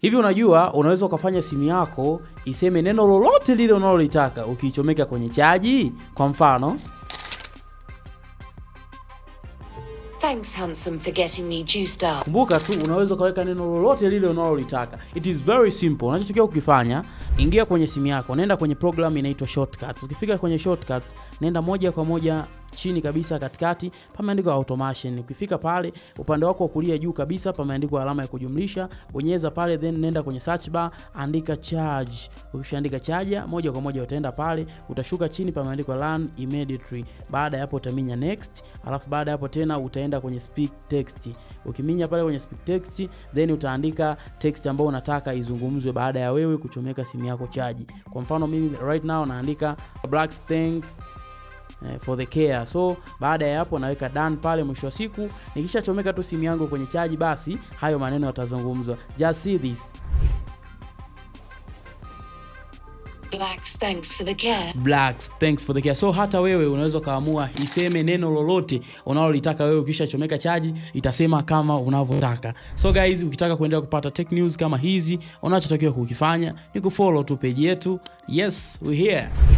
Hivi unajua unaweza ukafanya simu yako iseme neno lolote lile unalolitaka ukiichomeka kwenye chaji. Kwa mfano, Thanks handsome for getting me juiced up. Kumbuka tu unaweza ukaweka neno lolote lile unalolitaka. It is very simple. Unachotakiwa kukifanya, ingia kwenye simu yako, nenda kwenye program inaitwa Shortcuts. Ukifika kwenye Shortcuts, nenda moja kwa moja chini kabisa katikati pameandikwa automation. Ukifika pale upande wako wa kulia juu kabisa pameandikwa alama ya kujumlisha, bonyeza pale, then nenda kwenye search bar, andika charge. Ukishaandika charge, moja kwa moja utaenda pale, utashuka chini pameandikwa learn immediately. Baada ya hapo utaminya next, alafu baada ya hapo tena utaenda kwenye speak text. Ukiminya pale kwenye speak text, then utaandika text ambayo unataka izungumzwe baada ya wewe kuchomeka simu yako chaji. Kwa mfano mimi right now naandika Black Thanks eh, for the care. So baada ya hapo naweka done pale, mwisho wa siku nikishachomeka tu simu yangu kwenye chaji, basi hayo maneno yatazungumzwa. Just see this Blacks, thanks for the care. Blacks, thanks for the care. So hata wewe unaweza ukaamua iseme neno lolote unalolitaka wewe, ukishachomeka chaji itasema kama unavyotaka. So guys, ukitaka kuendelea kupata tech news kama hizi, unachotakiwa kukifanya ni kufollow tu page yetu. Yes, we here.